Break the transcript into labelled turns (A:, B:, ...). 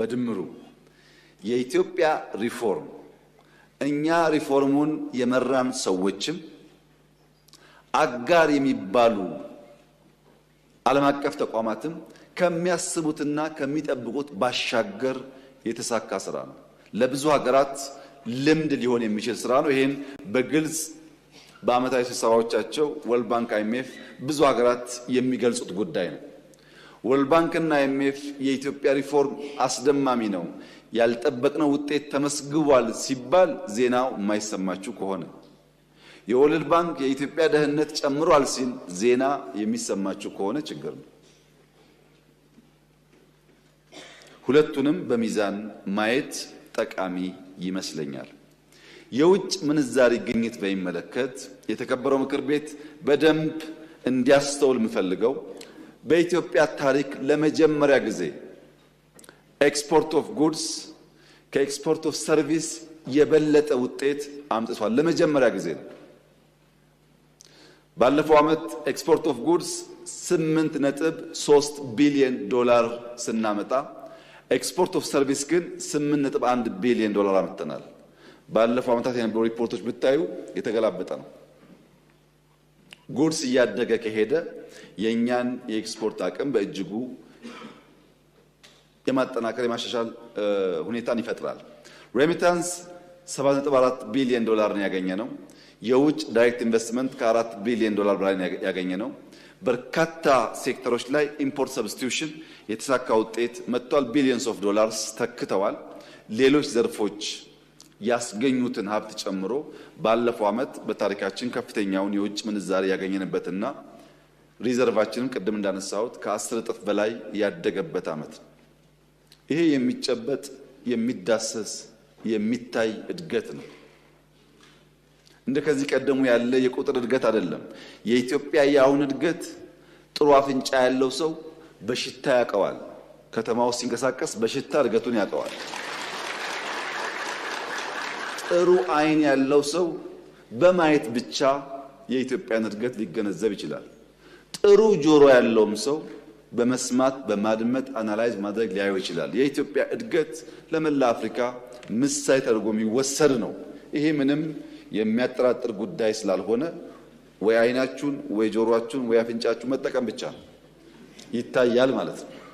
A: በድምሩ የኢትዮጵያ ሪፎርም እኛ ሪፎርሙን የመራን ሰዎችም አጋር የሚባሉ ዓለም አቀፍ ተቋማትም ከሚያስቡትና ከሚጠብቁት ባሻገር የተሳካ ስራ ነው። ለብዙ ሀገራት ልምድ ሊሆን የሚችል ስራ ነው። ይህም በግልጽ በአመታዊ ስብሰባዎቻቸው ወርልድ ባንክ፣ አይኤምኤፍ ብዙ ሀገራት የሚገልጹት ጉዳይ ነው። ወርልድ ባንክና ኤምኤፍ የኢትዮጵያ ሪፎርም አስደማሚ ነው፣ ያልጠበቅነው ውጤት ተመስግቧል ሲባል ዜናው የማይሰማችሁ ከሆነ የወርልድ ባንክ የኢትዮጵያ ደህንነት ጨምሯል ሲል ዜና የሚሰማችሁ ከሆነ ችግር ነው። ሁለቱንም በሚዛን ማየት ጠቃሚ ይመስለኛል። የውጭ ምንዛሪ ግኝት በሚመለከት የተከበረው ምክር ቤት በደንብ እንዲያስተውል የምፈልገው በኢትዮጵያ ታሪክ ለመጀመሪያ ጊዜ ኤክስፖርት ኦፍ ጉድስ ከኤክስፖርት ኦፍ ሰርቪስ የበለጠ ውጤት አምጥቷል። ለመጀመሪያ ጊዜ ነው። ባለፈው ዓመት ኤክስፖርት ኦፍ ጉድስ ስምንት ነጥብ ሶስት ቢሊየን ዶላር ስናመጣ ኤክስፖርት ኦፍ ሰርቪስ ግን ስምንት ነጥብ አንድ ቢሊየን ዶላር አመጥተናል። ባለፈው ዓመታት የነበሩ ሪፖርቶች ብታዩ የተገላበጠ ነው። ጉድስ እያደገ ከሄደ የእኛን የኤክስፖርት አቅም በእጅጉ የማጠናከር የማሻሻል ሁኔታን ይፈጥራል። ሬሚታንስ 74 ቢሊዮን ዶላር ነው ያገኘ ነው። የውጭ ዳይሬክት ኢንቨስትመንት ከአራት ቢሊዮን ዶላር በላይ ያገኘ ነው። በርካታ ሴክተሮች ላይ ኢምፖርት ሰብስቲዩሽን የተሳካ ውጤት መጥቷል። ቢሊዮንስ ኦፍ ዶላርስ ተክተዋል። ሌሎች ዘርፎች ያስገኙትን ሀብት ጨምሮ ባለፈው ዓመት በታሪካችን ከፍተኛውን የውጭ ምንዛሪ ያገኘንበትና ሪዘርቫችንም ቅድም እንዳነሳሁት ከአስር እጥፍ በላይ ያደገበት ዓመት ነው። ይሄ የሚጨበጥ የሚዳሰስ የሚታይ እድገት ነው። እንደ ከዚህ ቀደሙ ያለ የቁጥር እድገት አይደለም። የኢትዮጵያ የአሁን እድገት ጥሩ አፍንጫ ያለው ሰው በሽታ ያውቀዋል። ከተማ ውስጥ ሲንቀሳቀስ በሽታ እድገቱን ያውቀዋል። ጥሩ አይን ያለው ሰው በማየት ብቻ የኢትዮጵያን እድገት ሊገነዘብ ይችላል። ጥሩ ጆሮ ያለውም ሰው በመስማት በማድመጥ አናላይዝ ማድረግ ሊያየው ይችላል። የኢትዮጵያ እድገት ለመላ አፍሪካ ምሳሌ ተደርጎ የሚወሰድ ነው። ይሄ ምንም የሚያጠራጥር ጉዳይ ስላልሆነ ወይ አይናችሁን ወይ ጆሮአችሁን ወይ አፍንጫችሁን መጠቀም ብቻ ይታያል ማለት ነው።